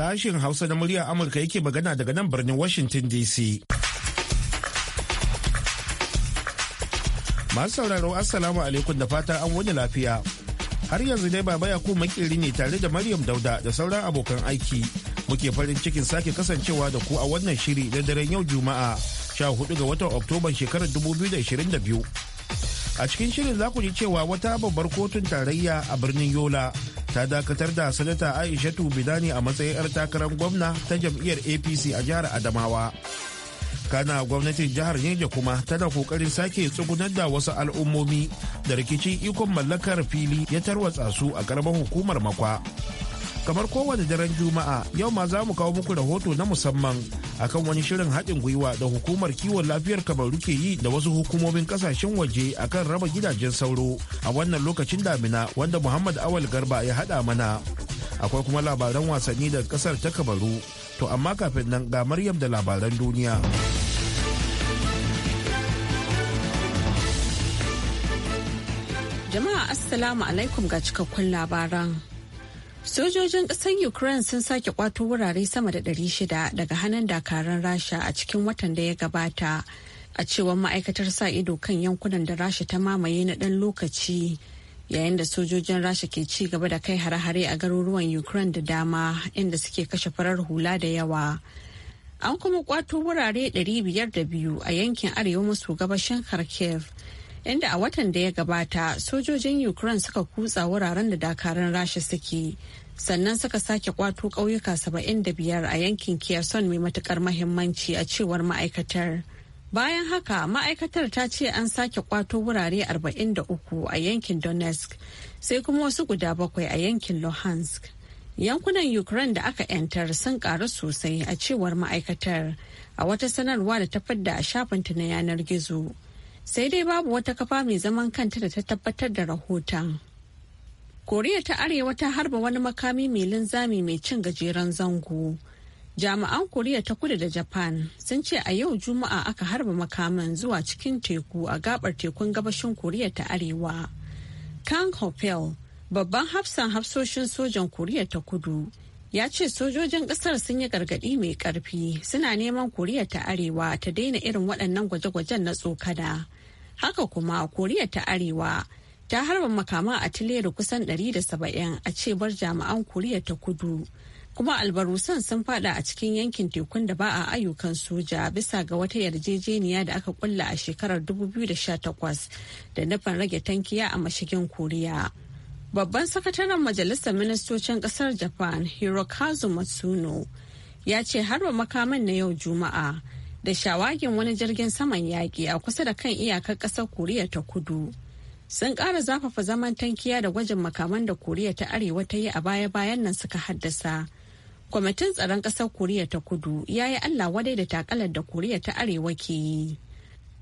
Sashin Hausa na murya Amurka yake magana daga nan birnin Washington DC. Masu sauraro Assalamu alaikum da fatan an wani lafiya. Har yanzu dai baba ku makiri ne tare da Maryam Dauda da sauran abokan aiki. Muke farin cikin sake kasancewa da ku a wannan shiri na daren yau Juma'a 14 ga watan Oktoban shekarar 2022. a cikin shirin za ku ji cewa wata babbar kotun tarayya a birnin yola ta dakatar da sanata aishatu bidani a matsayin 'yar takarar gwamna ta jam'iyyar apc a jihar adamawa kana gwamnatin jihar neja kuma tana kokarin sake tsugunar da wasu al'ummomi da rikicin ikon mallakar fili ya tarwatsa su a karamar hukumar makwa kamar kowane daren juma'a yau ma za mu kawo muku rahoto na musamman akan wani shirin haɗin gwiwa da hukumar kiwon lafiyar kabaru ke yi da wasu hukumomin kasashen waje akan raba gidajen sauro a wannan lokacin damina wanda muhammad awal garba ya haɗa mana akwai kuma labaran wasanni daga ƙasar ta kabaru to amma kafin nan ga maryam da labaran duniya jama'a assalamu alaikum ga cikakkun labaran Sojojin ƙasar Ukraine sun sake kwato wurare sama da ɗari shida daga hannun dakarun Rasha a cikin watan da ya gabata. A cewar ma'aikatar sa ido kan yankunan da Rasha ta mamaye na ɗan lokaci yayin da sojojin Rasha ke ci gaba da kai hare-hare a garuruwan Ukraine da dama inda suke kashe farar hula da yawa. An kuma kwato wurare 502 a yankin arewa maso gabashin Kharkiv. inda a watan da ya gabata sojojin ukraine suka kutsa wuraren da dakarun rasha suke sannan suka sake kwato ƙauyuka 75 a yankin kherson mai matukar mahimmanci a cewar ma'aikatar bayan haka ma'aikatar ta ce an sake kwato wurare 43 a yankin donetsk sai kuma wasu guda bakwai a yankin luhansk yankunan ukraine da aka 'yantar sun karu sosai a cewar ma'aikatar a wata sanarwa da ta fadda a shafinta na yanar gizo. sai dai babu wata kafa mai zaman kanta da ta tabbatar da rahoton. koriya ta arewa ta harba wani makami mai linzami mai cin gajeren zango jami'an koriya ta kudu da japan sun ce a yau juma'a aka harba makaman zuwa cikin teku a gabar tekun gabashin koriya ta arewa kang hopel babban hafsan hafsoshin sojan koriya ta kudu ya ce sojojin kasar sun yi gargadi mai karfi suna neman koriya ta arewa ta daina irin waɗannan gwaje-gwajen na tsokada haka kuma koriya ta arewa ta harba a tileri kusan 170 a cewar jami'an koriya ta kudu kuma albarusan sun fada a cikin yankin tekun da ba a ayyukan soja bisa ga wata yarjejeniya da aka kulla a shekarar 2018 da nufin rage tankiya a mashigin koriya Babban sakataren Majalisar Ministocin kasar Japan, Hirokazu Matsuno, ya ce harba makaman na yau Juma'a da shawagin wani jirgin saman yaƙi a kusa da kan iyakar ƙasar Koriya ta kudu. Sun ƙara zafafa zaman tankiya da gwajin makaman da Koriya ta Arewa ta yi a baya-bayan nan suka haddasa. Kwamitin tsaron ƙasar Koriya ta kudu ya yi Allah wadai da takalar da Koriya ta Arewa ke yi.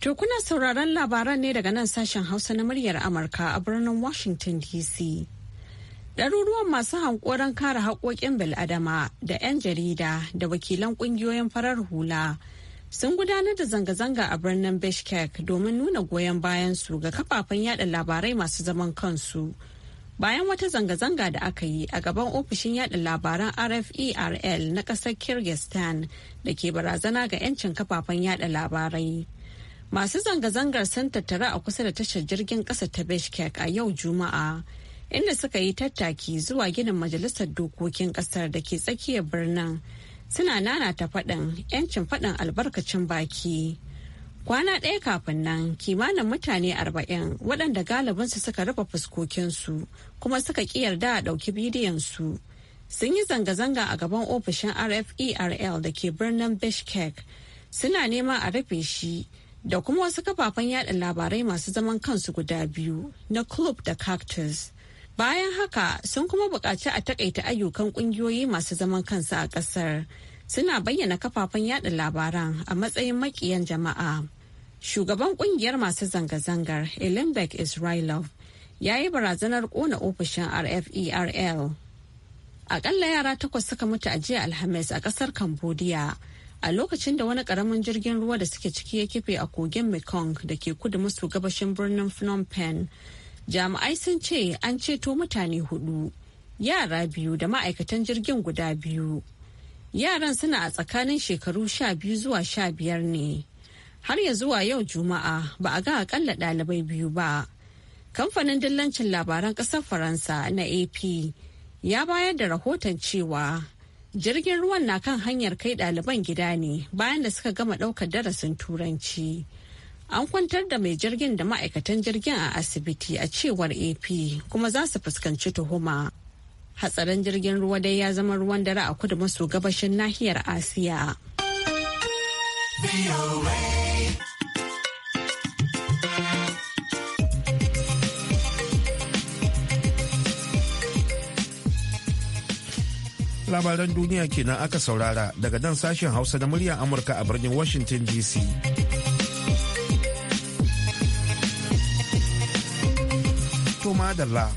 To kuna sauraron labaran ne daga nan sashen Hausa na muryar Amurka a birnin Washington DC. Ɗaruruwan masu hankoron kare haƙoƙin bil'adama da 'yan jarida da wakilan ƙungiyoyin farar hula sun gudanar da zanga-zanga a birnin Bishkek domin nuna goyon bayansu ga kafafen yada labarai masu zaman kansu. Bayan wata zanga-zanga da aka yi a gaban ofishin yada labaran RFERL na ƙasar Kyrgyzstan da ke barazana ga 'yancin kafafen yada labarai. Masu zanga-zangar sun tattara a kusa da tashar jirgin ƙasa ta Bishkek a yau Juma'a, inda suka yi tattaki zuwa ginin majalisar dokokin ƙasar da ke tsakiyar birnin. Suna nana ta faɗin 'yancin faɗin albarkacin baki. Kwana ɗaya kafin nan kimanin mutane arba'in waɗanda galibinsu suka rufe fuskokinsu kuma suka ƙi yarda a ɗauki bidiyonsu. Sun yi zanga-zanga a gaban ofishin RFERL da ke birnin Bishkek. Suna nema a rufe shi da kuma wasu kafafen yada labarai masu zaman kansu guda biyu na club da cactus bayan haka sun kuma buƙaci a takaita ayyukan ƙungiyoyi masu zaman kansu a ƙasar suna bayyana kafafen yada labaran a matsayin makiyan jama'a shugaban ƙungiyar masu zanga-zangar elinbeck israelov ya yi barazanar kona ofishin rferl akalla yara takwas suka mutu a jiya alhamis a ƙasar cambodia a lokacin da wani karamin jirgin ruwa da suke ciki ya kife a kogin mekong da ke kudu maso gabashin birnin phnom penh jami'ai sun ce an ceto mutane hudu yara biyu da ma'aikatan jirgin guda biyu yaran suna a tsakanin shekaru sha biyu zuwa sha biyar ne har ya zuwa yau juma'a ba a ga akalla ɗalibai biyu ba kamfanin dillancin labaran ƙasar faransa na ap ya bayar da rahoton cewa jirgin ruwan na kan hanyar kai ɗaliban gida ne bayan da suka gama ɗaukar darasin turanci an kwantar da mai jirgin da ma'aikatan jirgin a asibiti a cewar ap kuma za su fuskanci tuhuma hatsarin jirgin ruwa dai ya zama ruwan dare a kudu maso gabashin nahiyar asiya labaran duniya kenan aka saurara daga nan sashen hausa na muryar amurka a birnin washington dc madalla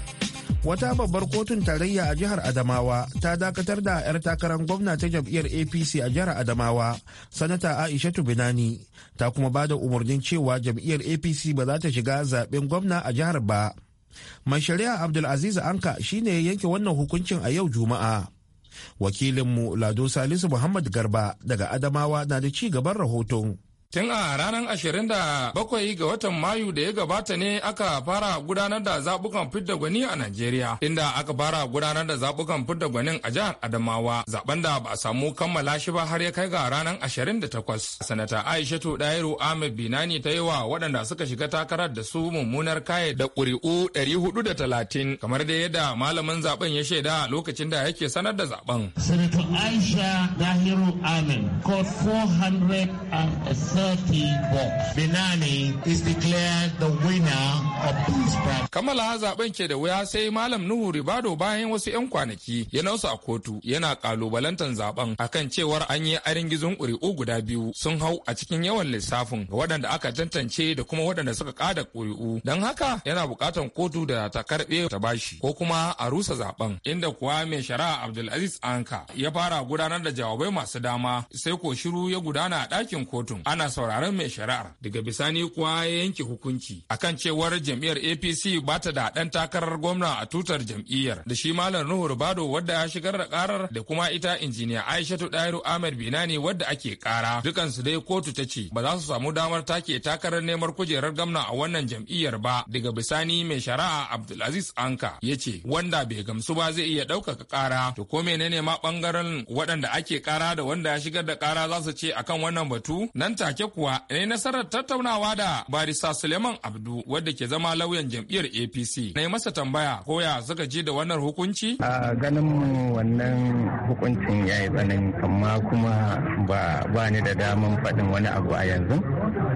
wata babbar kotun tarayya a jihar adamawa ta dakatar da 'yar takarar gwamna ta jam'iyyar apc a jihar adamawa sanata aisha binani ta kuma ba da umarnin cewa jam'iyyar apc ba za ta shiga zaben gwamna a jihar ba mai shari'a abdulaziz anka shine yanke wannan hukuncin a yau juma'a wakilinmu lado salisu muhammad garba daga adamawa na da ci gaban rahoton Tun a ranar 27 ga watan Mayu da ya gabata ne aka fara gudanar da zabukan fidda gwani a Najeriya, inda aka fara gudanar da zabukan fidda gwanin a jihar Adamawa, zaben da ba a samu kammala shi ba har ya kai ga ranar 28. Sanata Aishatu Dairu Ahmed Binani ta yi wa waɗanda suka shiga takarar da su mummunar kaye da ƙuri'u 430 kamar da yadda malamin zaben ya shaida lokacin da yake sanar da zaben. Sanata Aisha Dahiru Ahmed kamala box. Benani is declared the zaben ke da wuya sai Malam Nuhu Ribado bayan wasu 'yan kwanaki ya nausa a kotu yana kalubalantar zaben kan cewar an yi arin gizon ƙuri'u guda biyu sun hau a cikin yawan lissafin ga waɗanda aka tantance da kuma waɗanda suka ƙada ƙuri'u. Don haka yana buƙatar kotu da ta karɓe ta bashi ko kuma a rusa zaben inda kuwa mai shari'a Abdulaziz Anka ya fara gudanar da jawabai masu dama sai ko shiru ya gudana a ɗakin kotun. Ana sauraron mai shari'ar daga bisani kuwa ya yanke hukunci akan cewar jam'iyyar apc ba ta da ɗan takarar gwamna a tutar jam'iyyar da shi malam nuhu bado wadda ya shigar da karar da kuma ita injiniya Aisha aishatu dairu ahmed binani wadda ake kara dukansu dai kotu ta ce ba za su samu damar take takarar neman kujerar gwamna a wannan jam'iyyar ba daga bisani mai shari'a abdulaziz anka ya ce wanda bai gamsu ba zai iya ɗaukaka kara to ko menene ma bangaren waɗanda ake kara da wanda ya shigar da kara za su ce akan wannan batu nan take take kuwa na nasarar tattaunawa da Barisa Suleiman Abdu wadda ke zama lauyan jam'iyyar APC. Na yi masa tambaya ko ya suka ji da wannan hukunci? A ganin wannan hukuncin ya yi tsanani amma kuma ba ba ni da daman faɗin wani abu a yanzu.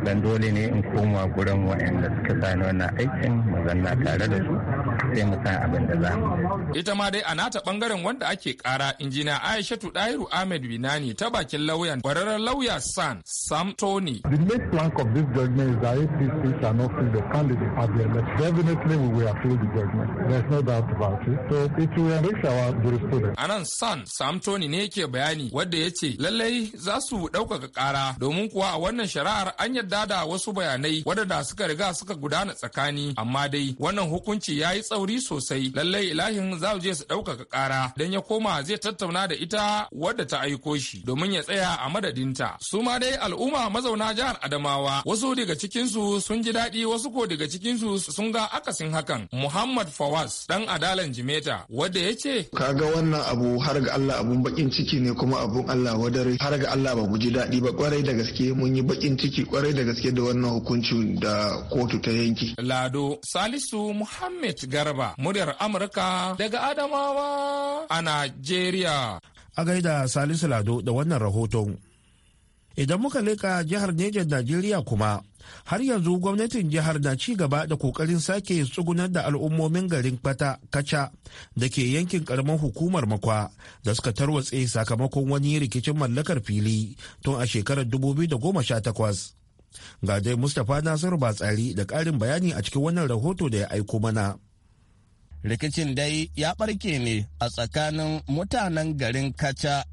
Dan dole ne in koma gurin waɗanda suka sani wannan aikin mazanna tare da su. sai mu san abin da za mu ita ma dai a nata bangaren wanda ake kara injina aishatu dairu ahmed binani ta bakin lauyan kwararren lauya san sam tony the main plank of this judgment is that apc shall not free the candidate at the election definitely we will appeal the judgment there is no doubt about it so it will enrich our jurisprudence anan san sam tony ne yake bayani wadda ya ce lallai za su ɗaukaka ƙara domin kuwa a wannan shari'ar an yadda da wasu bayanai wadanda suka riga suka gudana tsakani amma dai wannan hukunci ya yi tsauri sosai lallai ilahin za je su ɗaukaka ƙara don ya koma zai tattauna da ita wadda ta aiko shi domin ya tsaya a madadinta su ma dai al'umma mazauna jihar adamawa wasu daga cikinsu sun ji daɗi wasu ko daga cikinsu sun ga akasin hakan muhammad fawaz dan adalan jimeta wadda ya ce kaga wannan abu har ga allah abun bakin ciki ne kuma abun allah wadare har ga allah ba ku ji daɗi ba kwarai da gaske mun yi bakin ciki kwarai da gaske da wannan hukuncin da kotu ta yanki lado salisu muhammad Garba, muryar Amurka daga Adamawa a Najeriya. A gaida Salisu Lado da wannan rahoton. Idan muka leka jihar Nejar Najeriya kuma, har yanzu gwamnatin jihar na ci gaba da kokarin sake tsugunar da al'ummomin garin kwata kaca da ke yankin karamar hukumar makwa da suka tarwatse sakamakon wani rikicin mallakar fili tun a shekarar 2018 ga dai mustapha nasiru batsari da ƙarin bayani a cikin wannan rahoto da ya aiko mana rikicin dai ya barke ne a tsakanin mutanen garin kaca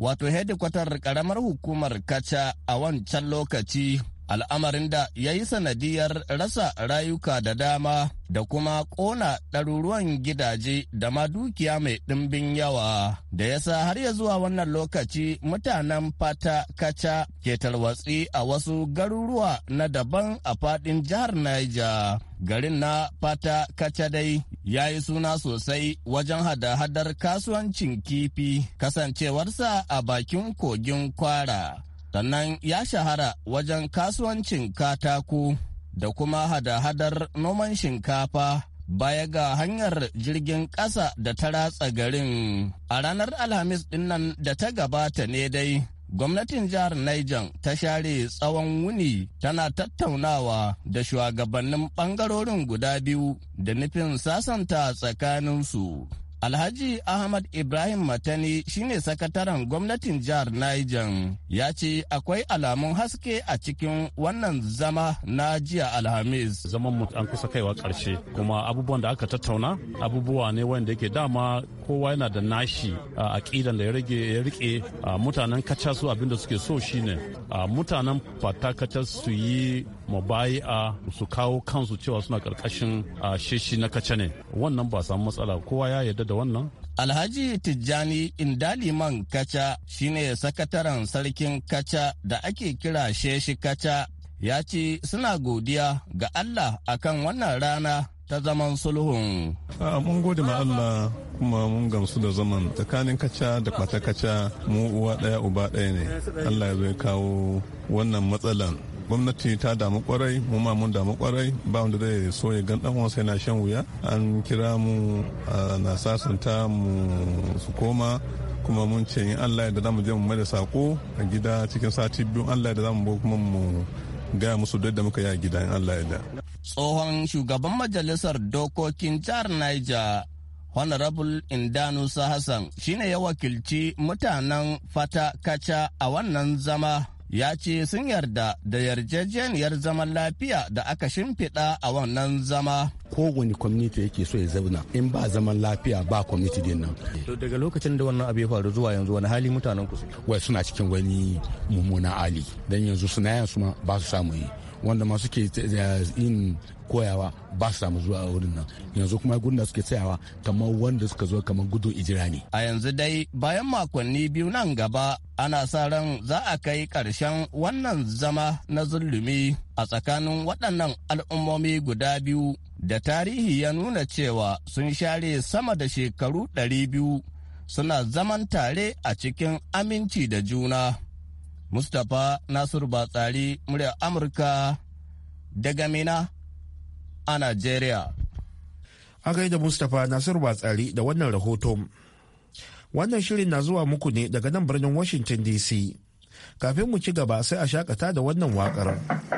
wato hedikwatar karamar hukumar kaca a wancan lokaci al'amarin da ya yi sanadiyar rasa rayuka da dama da kuma ƙona ɗaruruwan gidaje da ma dukiya mai ɗimbin yawa da ya sa har ya zuwa wannan lokaci mutanen fata kaca ke tarwatsi a wasu garuruwa na daban a faɗin jihar Naija. Garin na fata kaca dai ya yi suna sosai wajen hada-hadar kasuwancin kifi kasancewarsa a bakin kogin kwara. sannan ya shahara wajen kasuwancin katako da kuma hada-hadar noman shinkafa baya ga hanyar jirgin ƙasa da ta ratsa garin a ranar alhamis dinnan da ta gabata ne dai gwamnatin jihar Niger ta share tsawon wuni tana tattaunawa da shugabannin ɓangarorin guda biyu da nufin sasanta tsakaninsu. Alhaji Ahmad Ibrahim Matani shine sakataren gwamnatin jihar Niger ya ce akwai alamun haske a cikin wannan zama na jiya Alhamis. Zaman mu an kusa kaiwa ƙarshe kuma abubuwan da aka tattauna abubuwa ne wanda yake dama kowa yana da nashi a aƙidan da ya rage ya rike mutanen kaca su abinda suke so shine mutanen fata fatakata su yi a su kawo kansu cewa suna ƙarƙashin sheshi na kaca ne wannan ba samu matsala kowa ya yarda da da wannan? Alhaji Tijjani Indaliman Kacha shine sakataren sarkin Kacha da ake kira Sheshi Kacha ya ce suna godiya ga Allah akan wannan rana ta zaman sulhun. Mun gode ma Allah kuma mun gamsu da zaman tsakanin kacha da kwata kacha mu uwa ɗaya uba ɗaya ne. Allah ya kawo wannan matsalan gwamnati ta damu kwarai mu ma mun damu kwarai ba wanda zai so ya gan dan wasa yana shan wuya an kira mu na sasanta mu su koma kuma mun ce in Allah da zamu je mu mai da sako a gida cikin sati biyu Allah da zamu bo kuma mu gaya musu da muka yi a gida in Allah da. Tsohon shugaban majalisar dokokin jihar Niger Honorable Indanusa Hassan shine ya wakilci mutanen fata kaca a wannan zama ya ce sun yarda da yarjejeniyar zaman lafiya da aka shimfiɗa a wannan zama. Kowane kwamniti yake so ya zauna in ba zaman lafiya ba kwamniti din nan. To daga lokacin da wannan abu ya faru zuwa yanzu wani hali mutanen ku Wai suna cikin wani mummuna ali don yanzu suna yansu ma ba su samu yi. wanda masu ke eh, yin koyawa ba su samu zuwa wurin nan yanzu kuma gudun da suke tsayawa kamar wanda suka zo kamar gudu ijira ne a yanzu dai bayan makonni biyu nan gaba ana sa ran za a kai ƙarshen wannan zama na zulumi a tsakanin waɗannan al'ummomi guda biyu da tarihi ya nuna cewa sun share sama da shekaru ɗari biyu suna zaman tare a cikin aminci da juna mustapha nasiru batsari muryar amurka daga mina a Najeriya. A gaida Mustapha Nasiru Batsari da wannan rahoton Wannan shirin na zuwa muku ne daga nan birnin Washington DC. Kafin mu ci gaba sai a shakata da wannan waƙar.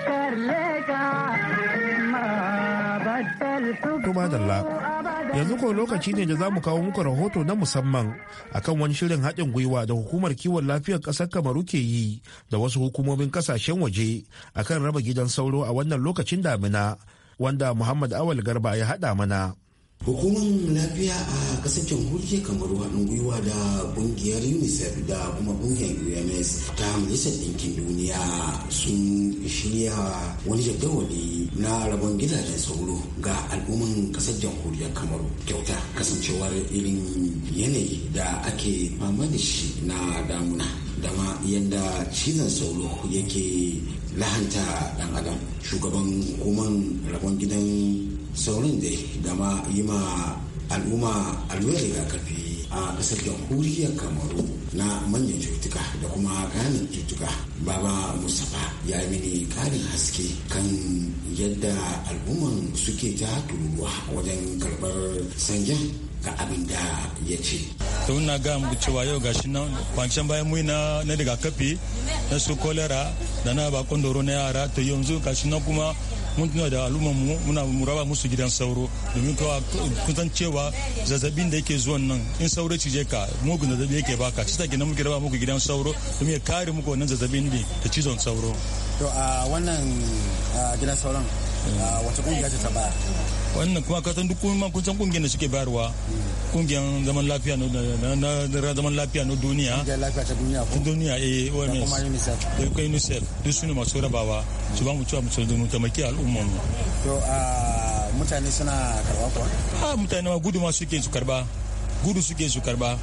कर लेगा yanzu ko lokaci ne da za mu kawo muku rahoto na musamman akan wani shirin haɗin gwiwa da hukumar kiwon lafiyar ƙasar kamaru ke yi da wasu hukumomin ƙasashen waje akan raba gidan sauro a wannan lokacin damina wanda muhammad awal garba ya haɗa mana. hukumar lafiya a kasar jamhuriyar kamaru haɗin gwiwa da ƙungiyar unicef da kuma ƙungiyar ums ta majalisar ɗinkin duniya sun shirya wani jadawali na rabon gidajen sauro ga al'umman kasar jamhuriyar kamaru kyauta kasancewar irin yanayi da ake fama da shi na damuna dama yadda cizon sauro yake lahanta ɗan adam shugaban hukumar rabon gidan saurin da ma yi ma al'umma allurar rigakafi a kasar jamhuriyar kamaru na manyan cutuka da kuma ganin cutuka baba mustapha ya mini karin haske kan yadda al'umman suke ta turuwa wajen karɓar sanjan ga abin da ya ce to na ga cewa yau gashi na kwanciyar bayan mu na na rigakafi na su kolera da na bakon doro na yara to yanzu gashi na kuma mun tuna da al'umman mu muna muraba musu gidan sauro domin kawa kusan cewa zazzabin da yake zuwan nan in sauro cije ka mugun zazzabi yake baka cisa kenan muke raba muku gidan sauro domin ya kare muku wannan zazzabin ne da cizon sauro to a wannan gidan sauron wata kungiya ce ta baya wannan kuma kasan duk kuma kun san kungiyar da suke bayarwa kungiyar zaman lafiya na zaman lafiya na duniya kungiyar lafiya ta duniya ko duniya eh, OMS da kuma UNICEF duk su ne masu rabawa su ba mu cewa mu taimaki al'ummar mu to a mutane suna karba kuwa a mutane ma gudu ma suke su karba gudu suke su karba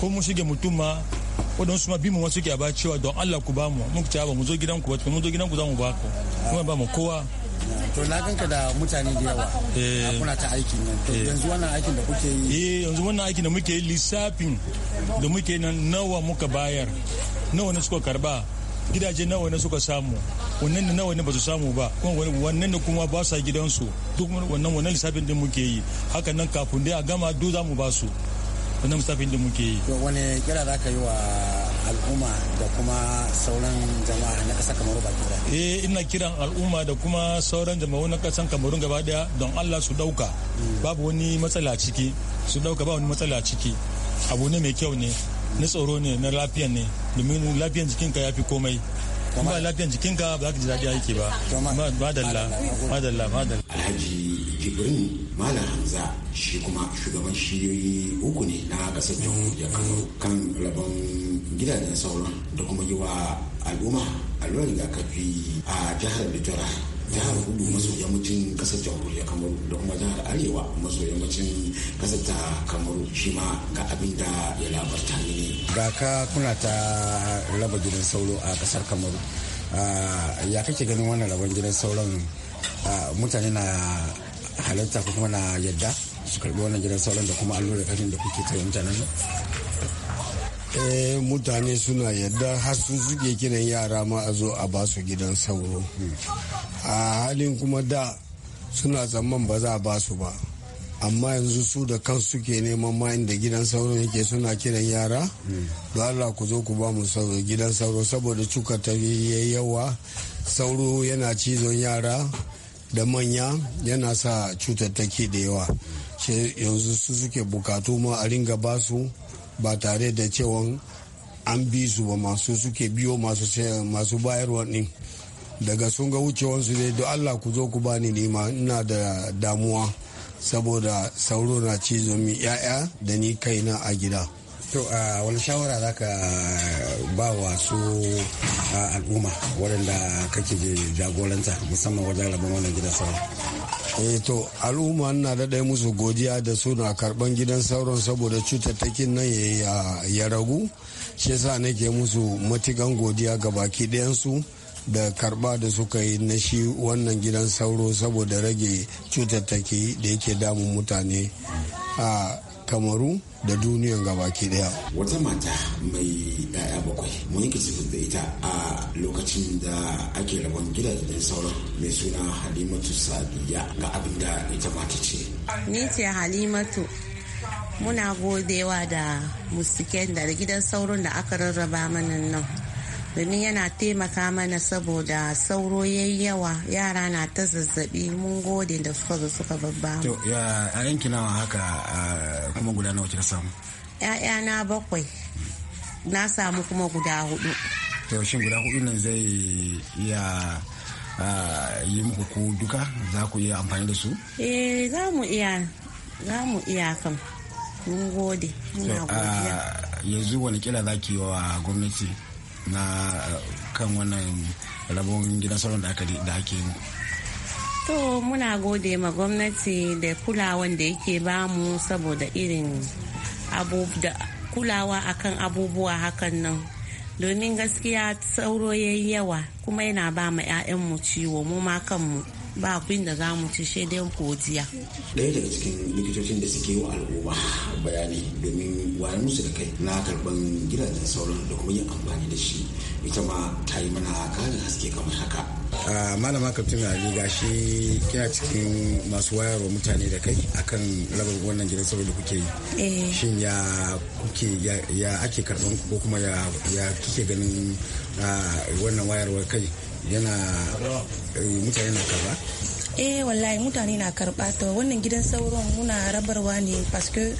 ko mu shige mutum ma waɗansu ma bimu wasu ke ba cewa don Allah ku ba mu muku ci ba mu zo gidan ku ba mu zo gidan ku za mu ba ku kuma ba mu kowa to na ganka da mutane da yawa eh. kuna ta aikin nan to eh. yanzu wannan aikin da kuke yi eh yanzu wannan aikin da muke yi lissafin da muke nan nawa muka bayar nawa ne suka karba gidaje nawa ne suka samu wannan ne nawa ne ba su samu ba kuma wannan ne kuma ba sa gidansu duk wannan wannan lissafin din muke yi hakan nan kafin dai a gama duk za mu ba su wannan musafin da muke yi to wani kira za ka yi wa al'umma da kuma sauran jama'a na ƙasar kamaru baki da eh ina kiran al'umma da kuma sauran jama'u na ƙasar kamaru gaba daya don allah su ɗauka mm. babu wani matsala ciki su ɗauka ba wani matsala ciki abu ne mai kyau ne na tsoro ne na lafiya ne domin lafiyan jikinka ya fi komai kuma lafiyan jikinka ba za ka ji daɗi aiki ba madalla madalla madalla alhaji jibrin malam hamza shi kuma shugaban shiyoyi uku ne na kasar jamhuriyar mm-hmm. kano kan rabon gidajen sauran da kuma yi wa al'umma allurar rigakafi a jihar bitora jihar hudu maso mm-hmm. yammacin kasar jamhuriyar kamaru da kuma jihar arewa maso yammacin kasar ta kamaru shi ma ga abin da ya labarta ne ga ka kuna ta raba gidan sauro a kasar kamaru ah, ya kake ganin wannan rabon gidan sauran ah, mutane na halarta ko kuma na yadda su karbi wannan gidan sauran da kuma allurar kafin da kuke tsaye mutanen eh mutane suna yadda har sun zuge kiran yara ma a zo a basu gidan sauro a halin kuma da suna tsamman ba za a basu ba amma yanzu su da kansu ke neman ma inda gidan sauro yake suna kiran yara don allah ku zo ku ba mu gidan sauro saboda cuka ta yawa sauro yana cizon yara da manya yana sa cutattaki da yawa yanzu su suke bukatu ma a ringa ba su ba tare da cewa an bi su ba masu suke biyo masu bayarwa ɗin daga sun ga wucewansu dai don allah ku zo ku bani nima ina da damuwa saboda sauro na cizo mi 'ya'ya da ni kaina a gida to a wani shawara za ka ba wa su al'umma waɗanda kake jagoranta musamman wajen rabon wannan gidan sauran eh to al'umma na daɗa musu godiya da suna karɓan gidan sauro saboda cutattakin nan ya ragu shi yasa nake musu matikan godiya ga baki ɗayansu da karba da suka yi na shi wannan gidan sauro saboda rage cutattaki da yake damun mutane a kamaru da duniyan gabaki daya wata mata mai yaya bakwai mun yi da ita a lokacin da ake rabon gidajen sauran mai suna halimatu sabiya ga abin da ita mata ce ni ce halimatu muna godewa da musiken da gidan sauron da aka rarraba mana nan domin yana taimaka mana saboda sauro yi yawa yara na ta zazzabi mun gode da suka zo suka babba to ya yanki nawa haka kuma guda nawa kika samu Ya'ya na bakwai na samu kuma guda hudu to shin guda hudu nan zai iya yi muku ku duka za ku iya amfani da su eh za mu iya za mu iya kan mun gode muna godiya yanzu wani kila za ki yi wa gwamnati na kan wannan rabon gidan sauran da ake yi to muna gode ma gwamnati da kulawan da yake bamu saboda irin da kulawa akan abubuwa hakan nan domin gaskiya sauro yayi yawa kuma yana ba ma 'ya'yanmu ciwo mu ma kanmu ba kuin da za mu ci shi dai godiya. Ɗaya daga cikin likitocin da suke wa al'umma bayani domin wayar musu da kai na karɓan gidajen sauran da kuma yin amfani da shi ita ma ta yi mana karin haske kamar haka. malama kaftin ali gashi kina cikin masu wayarwa mutane da kai akan rabar wannan gidan sauro da kuke yi eh. shin ya kuke ya ake karban ko kuma ya kike ganin wannan wayarwar kai yana eh, mutane na karba eh wallahi mutane na karba to wannan gidan sauron muna rabarwa ne paske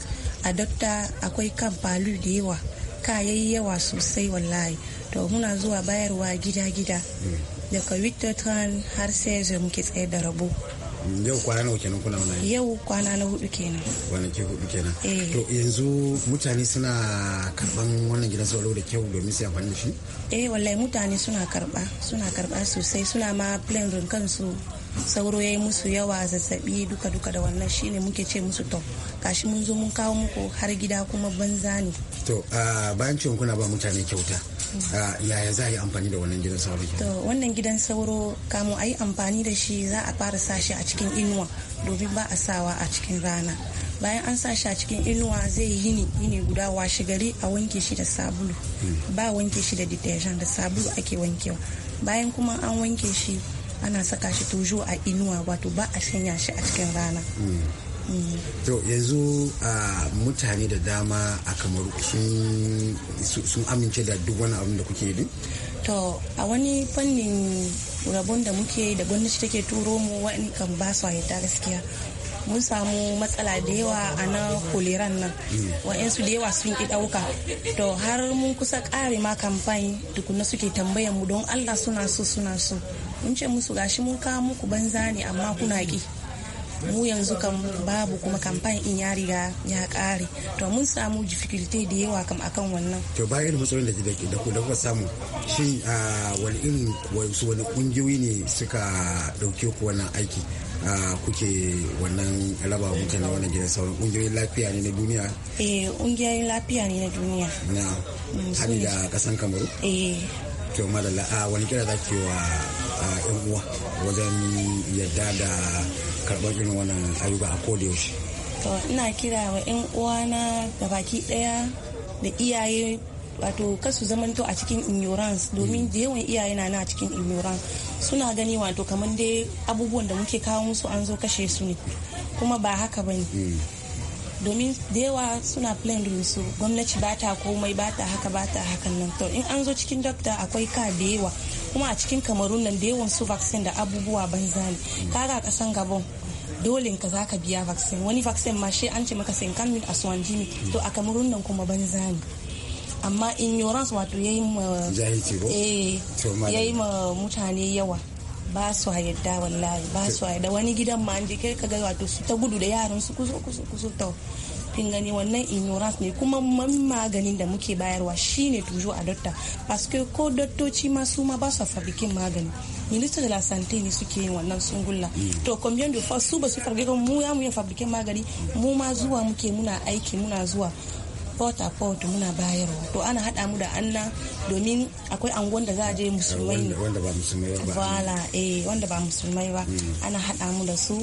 a dokta akwai kan palu da yawa kayayi yawa sosai wallahi to muna zuwa bayarwa gida-gida mm. daga wittoton har sai muke tsaye da rabo yau kwana nawa kenan kuna mana yau kwana na hudu kenan kwanaki hudu kenan eh. to yanzu mutane suna karban wannan gidan sauro da kyau domin su amfani da shi eh wallahi mutane suna karba suna karba sosai suna ma plan run kansu sauro yayi musu yawa zazzabi duka duka da wannan shine muke ce musu to gashi mun zo mun kawo muku har gida kuma banza ne to ah, bayan ciwon kuna ba mutane kyauta Ah, yaya za a yi amfani da wannan gidan sauro to wannan gidan sauro kamun a yi amfani da shi za a fara sashi a cikin inuwa domin ba a sawa a cikin rana bayan an sa shi a cikin inuwa zai yi yini yini guda washe gari a wanke shi da sabulu hmm. ba wanke shi da detergent da sabulu ake wankewa bayan kuma an wanke shi ana saka shi tojo a inuwa wato ba a shanya shi a cikin rana hmm. to yanzu a mutane da dama a kamar sun amince da duk wani abin da kuke yi to a wani fannin rabon da muke da gwamnati take turo mu wani kan ba su yadda gaskiya mun samu matsala da yawa a na koleran nan mm. wa'yansu da yawa sun ki ɗauka to har mun kusa ƙare ma kamfani tukuna suke tambayan mu don allah suna so suna so mun ce musu gashi mun kawo muku banza ne amma kuna ki mu yanzu kan babu kuma kamfan in ya riga ya kare to mun samu difficulty da yawa kam akan wannan to ba irin matsalolin da da ku da kuka samu a wani irin wasu wani kungiyoyi ne suka dauke ku wannan aiki kuke wannan raba na wannan gidan sauran kungiyoyin lafiya ne na duniya eh kungiyoyin lafiya ne na duniya na mm, hadi da kasan kamaru eh to malala a wani kira zaki wa yan uwa wajen yadda da karɓar irin wannan ayyuka a koda yaushe to ina kira wa yan na da baki ɗaya da iyaye wato kasu zamanto a cikin ignorance domin da yawan iyaye na a cikin ignorance suna gani wato kamar dai abubuwan da muke kawo musu an zo kashe su ne kuma ba haka ba ne mm. domin da yawa suna plan su gwamnati ba ta komai ba ta haka ba ta hakan nan to in an zo cikin dokta akwai ka da yawa kuma a cikin kamarun nan da yawan su vaccine da abubuwa banza ne kaga kasan gabon dole ka za ka biya vaccine wani vaccine ma shi an ce maka sai kan mil aswan jini to a kamarun nan kuma banza ne amma ignorance wato yayi ma eh, yayi ma mutane yawa ba su yadda wallahi ba su yadda wani gidan ma an je kai ga wato su ta gudu da yaran su kusa kuzo kuzo to kin gani wannan ignorance ne kuma maganin da muke bayarwa shine tujo a dotta paske ko dottoci ma su ma ba su fabrikin magani ministan de la santé ne suke yin wannan sungulla mm. to combien de fois su ba su farge mu ya mu yin fabrikin magani mu ma zuwa muke muna aiki muna zuwa port a port muna bayarwa to ana hada mu da anna domin akwai angon da za a je musulmai ne wanda ba musulmai ba wala eh wanda ba musulmai ba mm. ana hada mu da su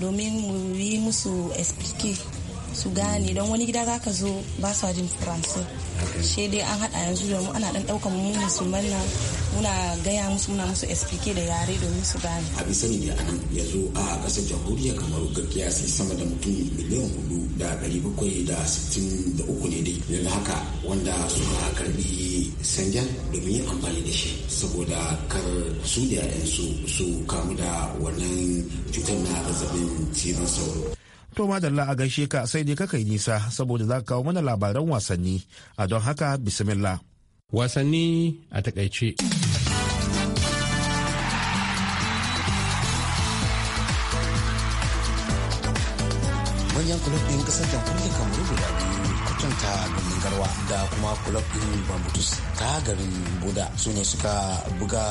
domin mu yi musu explique su gane don wani gida ka zo ba su jin faransai shi dai an haɗa yanzu da mu ana ɗan ɗaukan mu musulman nan muna gaya musu muna musu spk da yare domin su gane abin sani da an ya zo a ƙasar jamhuriyar kamaru ga kiyasi sama da mutum miliyan hudu da ɗari bakwai da sittin da uku ne dai yanzu haka wanda suka karbi sanjan domin yin amfani da shi saboda kar su da 'ya'yansu su kamu da wannan cutar na zazzabin cizon sauro To madalla a gaishe ka sai dai kakai nisa saboda za ka kawo mana labaran wasanni a don haka bismillah. Wasanni a takaice. Manyan kulub ɗin kasar jamhuriyar Kamaru guda biyu everton ta garwa da kuma club din bambutus ta garin buda su ne suka buga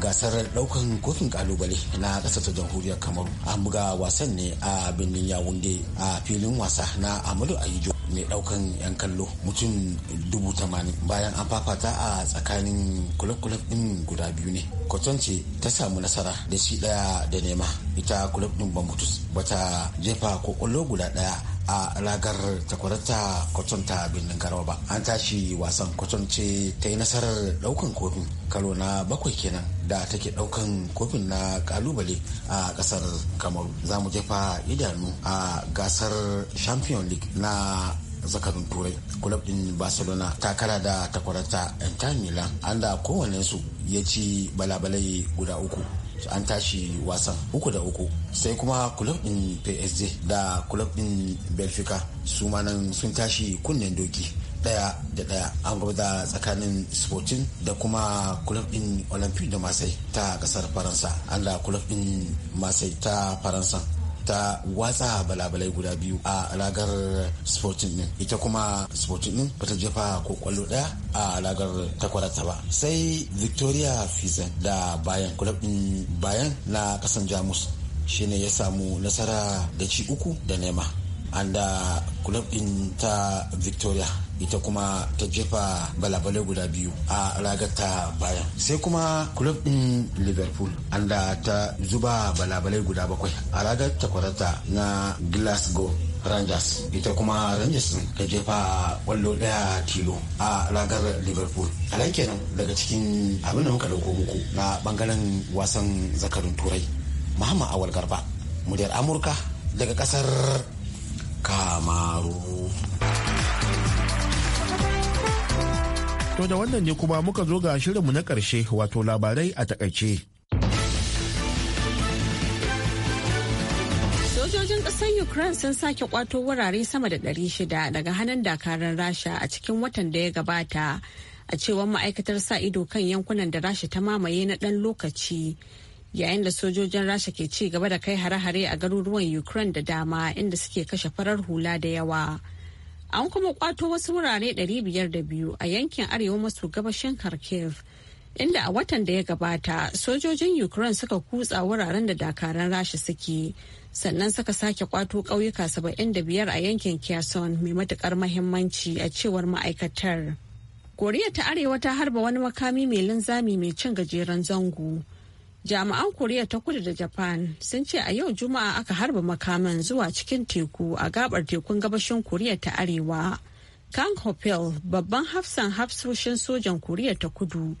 gasar daukan kofin kalubale na kasar ta jamhuriyar kamaru an buga wasan ne a birnin yawunde a filin wasa na amadu ayijo mai daukan yan kallo mutum dubu tamanin bayan an fafata a tsakanin kulab-kulab din guda biyu ne kwatance ta samu nasara da shi daya da nema ita kulab din bambutus bata jefa ko guda daya a ragar takwarata kwaton ta birnin garawa ba an tashi wasan kwacon ce ta yi nasarar daukan kofin karo na bakwai kenan da take daukan kofin na kalubale a kasar kamaru za mu jefa idanu a gasar champion league na zakarun turai kulab din barcelona takara da takwarata inter milan an da su ya ci balabalai guda uku an tashi wasan uku da uku sai kuma kulob din psg da kulob din belfica su nan sun tashi kunnen doki daya da daya an gwada tsakanin sporting da kuma kulob din olympique da masai ta kasar faransa an da kulob din masai ta faransa ta watsa balabalai guda biyu a ragar sporting din ita kuma sporting din bata jefa ko kwallo daya a ragar takwarata ba sai victoria fizan da bayan kulab din bayan na kasan jamus shine ya samu nasara da ci uku da nema an da uh, din ta victoria ita kuma ta jefa balabalai guda biyu a ragar ta bayan sai kuma club din liverpool anda ta zuba balabalai guda bakwai a ragar takwarata na glasgow Rangers ita kuma Rangers ta jefa kwallo daya tilo a ragar Liverpool. a kenan daga cikin abin da muka dauko muku na bangaren wasan zakarun turai. Muhammad Awal Garba, muryar Amurka daga kasar Kamaru. To da wannan ne kuma muka zo ga shirinmu na ƙarshe wato labarai a takaice. Sojojin ƙasar Ukraine sun sake kwato wurare sama da 600 daga hannun dakaran Rasha a cikin watan da ya gabata. A cewar ma'aikatar sa ido kan yankunan da Rasha ta mamaye na ɗan lokaci. Yayin da sojojin Rasha ke ci gaba da kai hare-hare a garuruwan Ukraine da dama inda suke kashe farar hula da yawa. An kuma kwato wasu wurare 502 a yankin arewa maso gabashin Kharkiv. Inda a watan da ya gabata sojojin Ukraine suka kutsa wuraren da dakaran rasha suke sannan suka sake kwato ƙauyuka 75 a yankin Kherson mai matukar mahimmanci a cewar ma'aikatar. Koriya ta Arewa ta harba wani makami mai linzami mai cin gajeren zango. jami'an koriya ta kudu da japan sun ce a yau juma'a aka harba makaman zuwa cikin teku a gabar tekun gabashin koriya ta arewa kang hopel babban hafsan hafsoshin sojan koriya ta kudu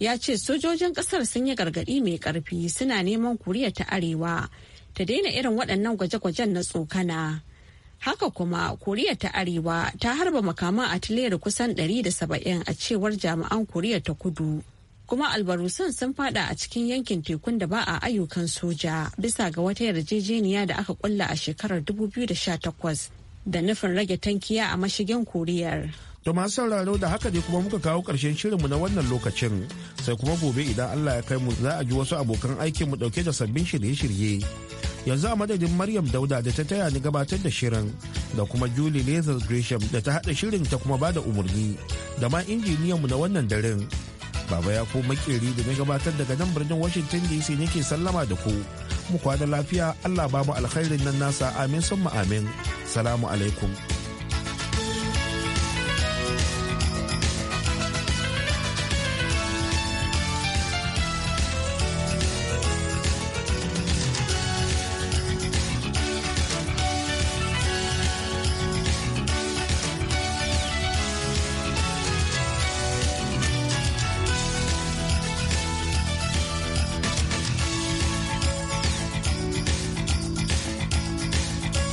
ya ce sojojin kasar sun yi gargadi mai karfi suna neman koriya ta arewa ta daina irin waɗannan gwaje-gwajen na tsokana haka kuma koriya ta arewa ta harba makaman a kusan 170 a cewar jami'an koriya ta kudu kuma albarusan sun fada a cikin yankin tekun da ba a ayyukan soja bisa ga wata yarjejeniya da aka kulla a shekarar 2018 da nufin rage tankiya a mashigin koriyar. To masu sauraro da haka ne kuma muka kawo ƙarshen shirinmu na wannan lokacin sai kuma gobe idan Allah ya kai mu za a ji wasu abokan aikin mu ɗauke da sabbin shirye-shirye. Yanzu a madadin Maryam Dauda da ta taya ni gabatar da shirin da kuma Julie Lazar Gresham da ta haɗa shirin ta kuma bada umarni da ma injiniyanmu na wannan daren. Baba ya ko makeri da mai gabatar daga nan birnin Washington DC nake sallama da ku. Mu da lafiya Allah ba mu alkhairin nan nasa amin summa amin. Salamu alaikum.